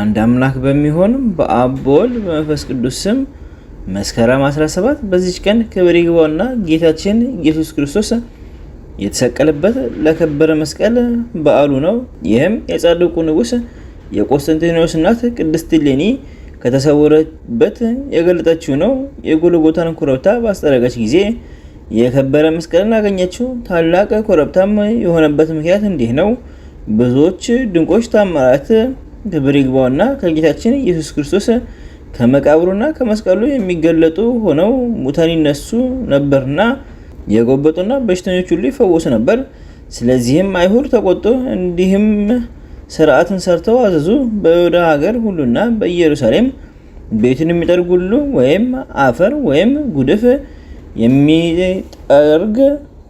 አንድ አምላክ በሚሆን በአብ በወልድ በመንፈስ ቅዱስ ስም መስከረም 17 በዚች ቀን ክብር ይግባውና ጌታችን ኢየሱስ ክርስቶስ የተሰቀለበት ለከበረ መስቀል በዓሉ ነው። ይህም የጻድቁ ንጉስ የቆስጠንጢኖስ እናት ቅድስት ሌኒ ከተሰወረበት የገለጠችው ነው። የጎልጎታን ኮረብታ ባስጠረገች ጊዜ የከበረ መስቀልን አገኘችው። ታላቅ ኮረብታም የሆነበት ምክንያት እንዲህ ነው። ብዙዎች ድንቆች ታምራት ክብር ይግባውና ከጌታችን ኢየሱስ ክርስቶስ ከመቃብሩና ከመስቀሉ የሚገለጡ ሆነው ሙታን ይነሱ ነበርና የጎበጡና በሽተኞች ሁሉ ይፈወሱ ነበር። ስለዚህም አይሁድ ተቆጡ። እንዲህም ስርዓትን ሰርተው አዘዙ። በይሁዳ ሀገር ሁሉና በኢየሩሳሌም ቤትን የሚጠርግ ሁሉ ወይም አፈር ወይም ጉድፍ የሚጠርግ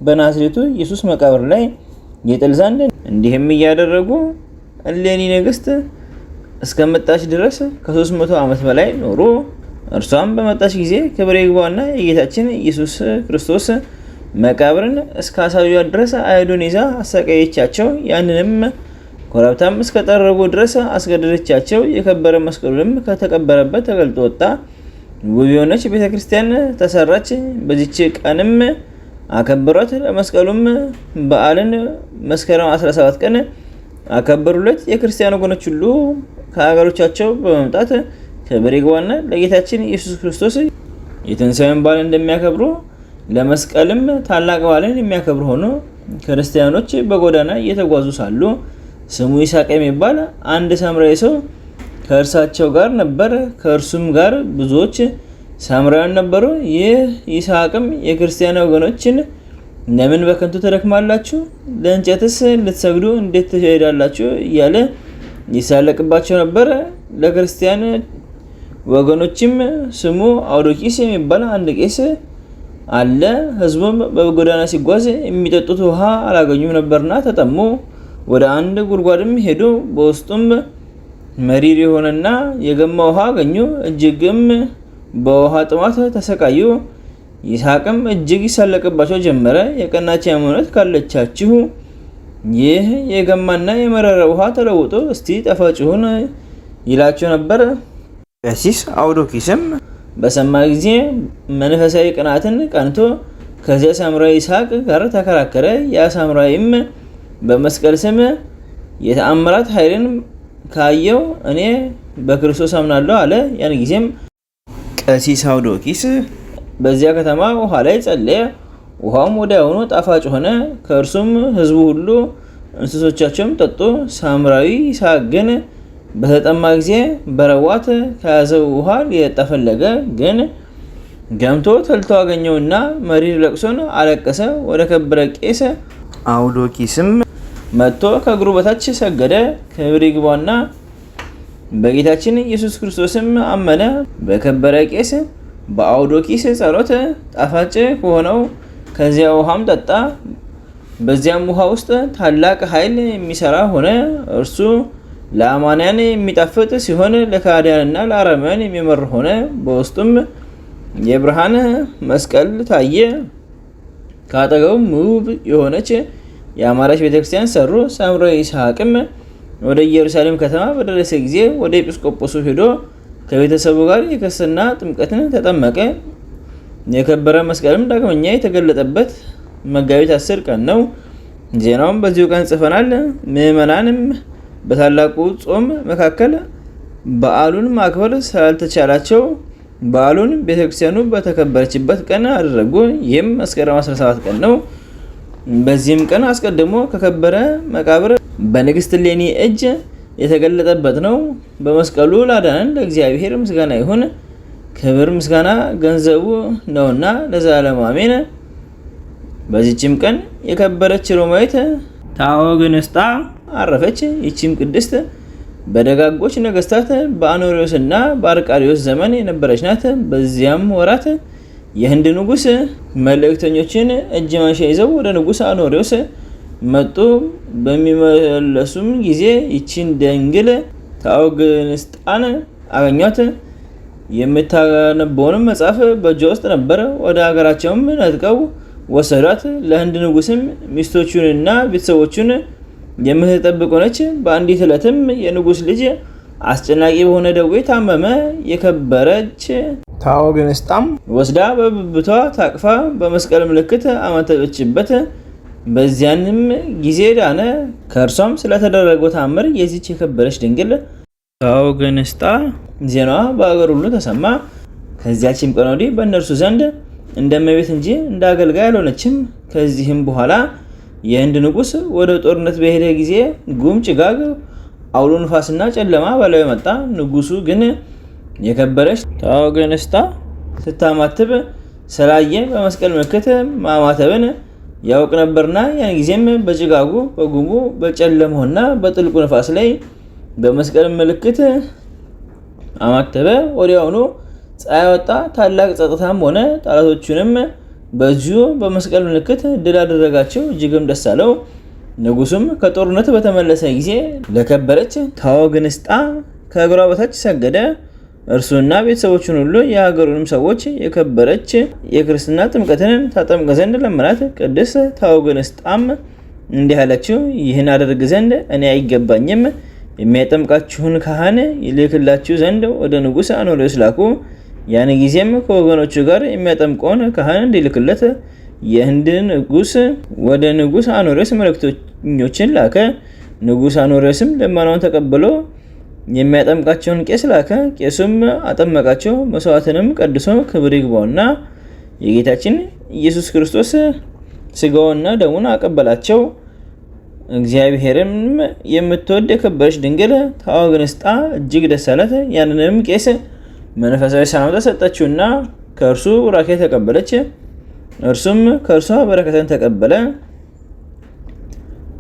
በናዝሬቱ ኢየሱስ መቃብር ላይ የጥል ዘንድ እንዲህም እያደረጉ እሌኒ ንግስት እስከመጣች ድረስ ከ መቶ ዓመት በላይ ኖሮ እርሷም በመጣች ጊዜ ክብር ይግባውና የጌታችን ኢየሱስ ክርስቶስ መቃብርን እስከ አሳዩ ድረስ አይሁድን ይዛ አሰቃየቻቸው። ያንንም ኮረብታም እስከ ድረስ አስገደደቻቸው። የከበረ መስቀሉንም ከተቀበረበት ተገልጦ ወጣ። ውብ የሆነች ቤተ ክርስቲያን ተሰራች። በዚች ቀንም አከበሯት። ለመስቀሉም በዓልን መስከረም 17 ቀን አከበሩለት። የክርስቲያን ወገኖች ሁሉ ከሀገሮቻቸው በመምጣት ክብር ይግባና ለጌታችን ኢየሱስ ክርስቶስ የትንሣኤውን በዓል እንደሚያከብሩ ለመስቀልም ታላቅ በዓልን የሚያከብር ሆኖ ክርስቲያኖች በጎዳና እየተጓዙ ሳሉ ስሙ ይሳቅ የሚባል አንድ ሳምራዊ ሰው ከእርሳቸው ጋር ነበር። ከእርሱም ጋር ብዙዎች ሳምራውያን ነበሩ። ይህ ይስሐቅም የክርስቲያን ወገኖችን ለምን በከንቱ ትደክማላችሁ? ለእንጨትስ ልትሰግዱ እንዴት ትሄዳላችሁ? እያለ ይሳለቅባቸው ነበረ። ለክርስቲያን ወገኖችም ስሙ አውዶቂስ የሚባል አንድ ቄስ አለ። ህዝቡም በጎዳና ሲጓዝ የሚጠጡት ውሃ አላገኙም ነበርና ተጠሙ። ወደ አንድ ጉድጓድም ሄዱ። በውስጡም መሪር የሆነና የገማ ውሃ አገኙ። እጅግም በውሃ ጥማት ተሰቃዩ። ይስሐቅም እጅግ ይሳለቅባቸው ጀመረ። የቀናች ሃይማኖት ካለቻችሁ ይህ የገማና የመረረ ውሃ ተለውጦ እስቲ ጣፋጭ ይሁን ይላቸው ነበር። ቀሲስ አውዶኪስም በሰማ ጊዜ መንፈሳዊ ቅናትን ቀንቶ ከዚያ ሳምራዊ ይስሐቅ ጋር ተከራከረ። ያ ሳምራዊም በመስቀል ስም የተአምራት ኃይልን ካየው እኔ በክርስቶስ አምናለሁ አለ። ያን ጊዜም ቀሲስ አውዶኪስ በዚያ ከተማ ውሃ ላይ ጸለየ። ውሃውም ወዲያውኑ ጣፋጭ ሆነ። ከእርሱም ህዝቡ ሁሉ እንስሶቻቸውም ጠጡ። ሳምራዊ ይስሐቅ ግን በተጠማ ጊዜ በረዋት። ከያዘው ውሃ ሊጠጣ ፈለገ፣ ግን ገምቶ ተልቶ አገኘውና መሪር ለቅሶን አለቀሰ። ወደ ከበረ ቄስ አውዶኪስም መጥቶ ከእግሩ በታች ሰገደ። ክብር ይግባውና በጌታችን ኢየሱስ ክርስቶስም አመነ። በከበረ ቄስ በአውዶኪስ ጸሎት ጣፋጭ ከሆነው ከዚያ ውሃም ጠጣ። በዚያም ውሃ ውስጥ ታላቅ ኃይል የሚሰራ ሆነ። እርሱ ለአማንያን የሚጣፍጥ ሲሆን ለካዲያንና ለአረማውያን የሚመር ሆነ። በውስጡም የብርሃን መስቀል ታየ። ከአጠገቡም ውብ የሆነች የአማራች ቤተክርስቲያን ሰሩ። ሳምረ ይስሐቅም ወደ ኢየሩሳሌም ከተማ በደረሰ ጊዜ ወደ ኤጲስቆጶሱ ሄዶ ከቤተሰቡ ጋር የክርስትና ጥምቀትን ተጠመቀ። የከበረ መስቀልም ዳግመኛ የተገለጠበት መጋቢት አስር ቀን ነው። ዜናውም በዚሁ ቀን ጽፈናል። ምዕመናንም በታላቁ ጾም መካከል በዓሉን ማክበር ስላልተቻላቸው በዓሉን ቤተክርስቲያኑ በተከበረችበት ቀን አደረጉ። ይህም መስከረም 17 ቀን ነው። በዚህም ቀን አስቀድሞ ከከበረ መቃብር በንግስት ሌኒ እጅ የተገለጠበት ነው። በመስቀሉ ላዳነን ለእግዚአብሔር ምስጋና ይሁን። ክብር ምስጋና ገንዘቡ ነውና ለዘላለሙ አሜን። በዚችም ቀን የከበረች ሮማዊት ታኦግንስጣ አረፈች። ይቺም ቅድስት በደጋጎች ነገስታት በአኖሪዎስ እና በአርቃሪዎስ ዘመን የነበረች ናት። በዚያም ወራት የህንድ ንጉስ መልእክተኞችን እጅ መንሻ ይዘው ወደ ንጉስ አኖሪዎስ መጡ። በሚመለሱም ጊዜ ይቺን ደንግል ታኦግንስጣን አገኟት። የምታነበውንም መጽሐፍ በእጇ ውስጥ ነበር። ወደ ሀገራቸውም ነጥቀው ወሰዷት። ለህንድ ንጉስም ሚስቶቹንና ቤተሰቦቹን የምትጠብቅ ሆነች። በአንዲት ዕለትም የንጉስ ልጅ አስጨናቂ በሆነ ደዌ ታመመ። የከበረች ታወግንስጣም ወስዳ በብብቷ ታቅፋ በመስቀል ምልክት አመተችበት። በዚያንም ጊዜ ዳነ። ከእርሷም ስለተደረገው ታምር የዚች የከበረች ድንግል አውግንስጣ ዜናዋ በአገር ሁሉ ተሰማ። ከዚያችም ቀን ወዲህ በእነርሱ ዘንድ እንደ እመቤት እንጂ እንደ አገልጋይ አልሆነችም። ከዚህም በኋላ የህንድ ንጉሥ ወደ ጦርነት በሄደ ጊዜ ጉም፣ ጭጋግ፣ አውሎ ንፋስና ጨለማ በላዩ መጣ። ንጉሱ ግን የከበረች ታውግንስጣ ስታማትብ ስላየ በመስቀል ምልክት ማማተብን ያውቅ ነበርና ያን ጊዜም በጭጋጉ፣ በጉሙ፣ በጨለማውና በጥልቁ ንፋስ ላይ በመስቀል ምልክት አማተበ። ወዲያውኑ ፀሐይ ወጣ። ታላቅ ጸጥታም ሆነ። ጠላቶቹንም በዚሁ በመስቀል ምልክት ድል አደረጋቸው። እጅግም ደስ አለው። ንጉሱም ከጦርነት በተመለሰ ጊዜ ለከበረች ታወግንስጣ ከእግሯ በታች ሰገደ። እርሱና ቤተሰቦቹን ሁሉ የሀገሩንም ሰዎች የከበረች የክርስትና ጥምቀትን ታጠምቅ ዘንድ ለመናት። ቅድስት ታወግንስጣም እንዲህ አለችው፣ ይህን አደርግ ዘንድ እኔ አይገባኝም የሚያጠምቃችሁን ካህን ይልክላችሁ ዘንድ ወደ ንጉሥ አኖሬዎስ ላኩ። ያን ጊዜም ከወገኖቹ ጋር የሚያጠምቀውን ካህን እንዲልክለት የህንድ ንጉሥ ወደ ንጉሥ አኖሬስ መልእክተኞችን ላከ። ንጉሥ አኖሬስም ልመናውን ተቀብሎ የሚያጠምቃቸውን ቄስ ላከ። ቄሱም አጠመቃቸው። መስዋዕትንም ቀድሶ ክብር ይግባውና የጌታችን ኢየሱስ ክርስቶስ ስጋውና ደሙን አቀበላቸው። እግዚአብሔርም የምትወድ የከበረች ድንግል ታዋግንስጣ እጅግ ደስ አላት። ያንንም ቄስ መንፈሳዊ ሰላምታ ሰጠችውና ከእርሱ ቡራኬ ተቀበለች። እርሱም ከእርሷ በረከትን ተቀበለ።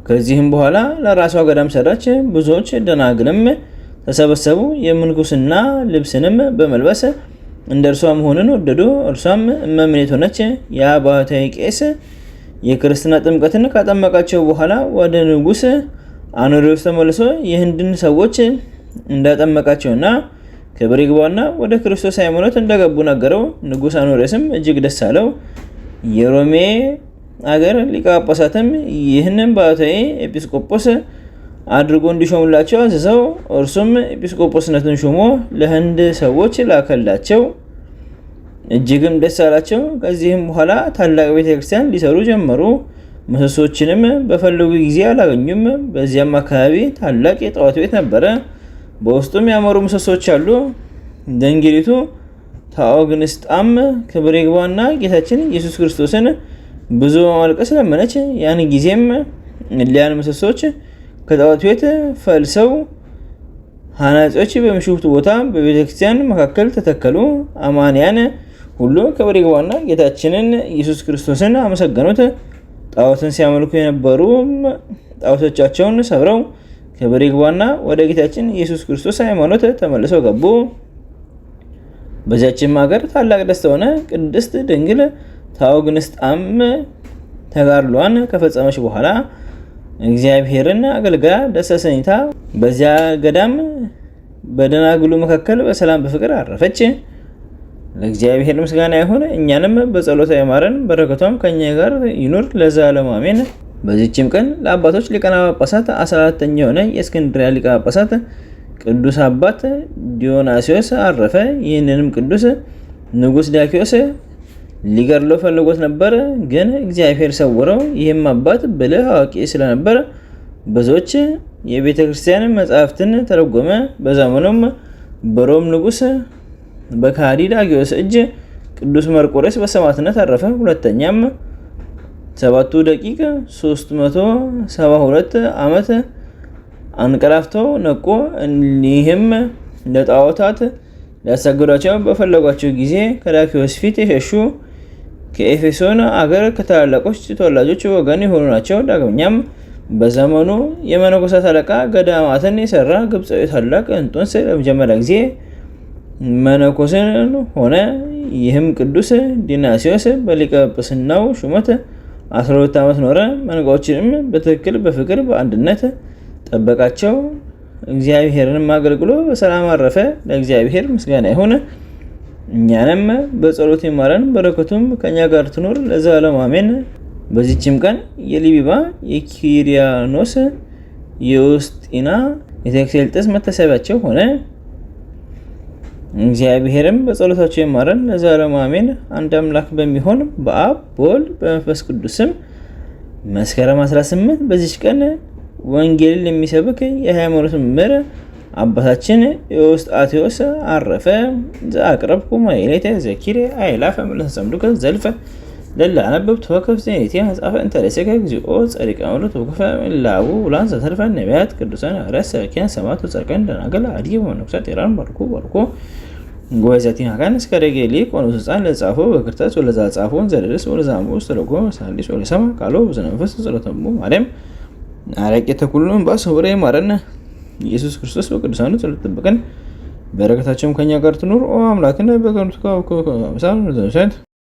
ከዚህም በኋላ ለራሷ ገዳም ሰራች። ብዙዎች ደናግልም ተሰበሰቡ። የምንኩስና ልብስንም በመልበስ እንደ እርሷ መሆንን ወደዱ። እርሷም እመምኔት ሆነች። ያ ቄስ የክርስትና ጥምቀትን ካጠመቃቸው በኋላ ወደ ንጉስ አኖሪዎስ ተመልሶ የህንድን ሰዎች እንዳጠመቃቸውና ክብር ይግባውና ወደ ክርስቶስ ሃይማኖት እንደገቡ ነገረው። ንጉስ አኖሪስም እጅግ ደስ አለው። የሮሜ አገር ሊቀ ጳጳሳትም ይህንን ባህታዊ ኤጲስቆጶስ አድርጎ እንዲሾሙላቸው አዝዘው እርሱም ኤጲስቆጶስነትን ሾሞ ለህንድ ሰዎች ላከላቸው። እጅግም ደስ አላቸው። ከዚህም በኋላ ታላቅ ቤተክርስቲያን ሊሰሩ ጀመሩ። ምሰሶችንም በፈለጉ ጊዜ አላገኙም። በዚያም አካባቢ ታላቅ የጣዖት ቤት ነበረ። በውስጡም ያማሩ ምሰሶች አሉ። ደንግሊቱ ታኦግንስጣም ክብር ይግባውና ጌታችን ኢየሱስ ክርስቶስን ብዙ በማልቀስ ለመነች። ያን ጊዜም እሊያን ምሰሶች ከጣዖት ቤት ፈልሰው አናጺዎች በሚሹት ቦታ በቤተክርስቲያን መካከል ተተከሉ። አማንያን ሁሉ ክብር ይግባውና ጌታችንን ኢየሱስ ክርስቶስን አመሰገኑት። ጣዖትን ሲያመልኩ የነበሩ ጣዖቶቻቸውን ሰብረው ክብር ይግባውና ወደ ጌታችን ኢየሱስ ክርስቶስ ሃይማኖት ተመልሰው ገቡ። በዚያችም ሀገር ታላቅ ደስታ ሆነ። ቅድስት ድንግል ታውግንስጣም ተጋድሏን ከፈጸመች በኋላ እግዚአብሔርን አገልግላ ደስ ተሰኝታ በዚያ ገዳም በደናግሉ መካከል በሰላም በፍቅር አረፈች። ለእግዚአብሔር ምስጋና ይሁን፣ እኛንም በጸሎት ይማረን፣ በረከቷም ከኛ ጋር ይኑር ለዘላለሙ አሜን። በዚችም ቀን ለአባቶች ሊቃነ ጳጳሳት 14ተኛ የሆነ የእስክንድሪያ ሊቀ ጳጳሳት ቅዱስ አባት ዲዮናሲዮስ አረፈ። ይህንንም ቅዱስ ንጉስ ዳኪዎስ ሊገድለው ፈልጎት ነበር፣ ግን እግዚአብሔር ሰውረው። ይህም አባት ብልህ አዋቂ ስለነበር ብዙዎች የቤተ ክርስቲያን መጽሐፍትን ተረጎመ። በዘመኑም በሮም ንጉስ በከሃዲ ዳጊዎስ እጅ ቅዱስ መርቆሬስ በሰማዕትነት አረፈ። ሁለተኛም ሰባቱ ደቂቅ 372 ዓመት አንቀላፍተው ነቆ። እኒህም ለጣዖታት ሊያሳግዷቸው በፈለጓቸው ጊዜ ከዳኪዎስ ፊት የሸሹ ከኤፌሶን አገር ከታላላቆች ተወላጆች ወገን የሆኑ ናቸው። ዳግመኛም በዘመኑ የመነኮሳት አለቃ ገዳማትን የሰራ ግብፃዊ ታላቅ እንጦንስ ለመጀመሪያ ጊዜ መነኮስን ሆነ። ይህም ቅዱስ ዲናሲዮስ በሊቀ ጵስናው ሹመት 12 ዓመት ኖረ። መንጋዎችንም በትክክል በፍቅር በአንድነት ጠበቃቸው። እግዚአብሔርንም አገልግሎ በሰላም አረፈ። ለእግዚአብሔር ምስጋና ይሁን፣ እኛንም በጸሎት ይማረን፣ በረከቱም ከእኛ ጋር ትኑር ለዘላለሙ አሜን። በዚችም ቀን የሊቢባ የኪሪያኖስ የውስጢና የተክሴልጥስ መታሰቢያቸው ሆነ። እግዚአብሔርም በጸሎታቸው ይማረን ለዘላለሙ አሜን። አንድ አምላክ በሚሆን በአብ በወልድ በመንፈስ ቅዱስም መስከረም 18 በዚች ቀን ወንጌልን የሚሰብክ የሃይማኖት መምህር አባታችን ኤዎስጣቴዎስ አረፈ። ዘአቅረብኩ ማኅሌተ ዘኪር አእላፈ እምለተጸምዱከ ዘልፈ ለላ አነበብቱ ወክፍት ቲ መጽሐፈ እንተ እግዚኦ ጸሪቀ ምሉት ወክፈ ላቡ ላንሰ ተርፈ ነቢያት ቅዱሳን ርእሰ ኪያን ሰማዕቱ ጸድቃን ደናግል አዲ መነኮሳ ጤራን ባርኮ ባርኮ ጎበዛቲ ሀካን እስከ ደጌሊ ቆኖስ ህፃን ለጻፎ በክርተት ወለዛ ጻፎን ዘደርስ ወለዛሙ ውስጥ ለጎ ሳሊስ ወለሰማ ቃሎ በዘመንፈስ ጸሎተሙ ማርያም አረቄ ተኩሉን ባሰውሬ ማረነ ኢየሱስ ክርስቶስ በቅዱሳኑ ጸሎት ጥብቀን በረከታቸውም ከኛ ጋር ትኑር። ኦ አምላክነ በገምቱ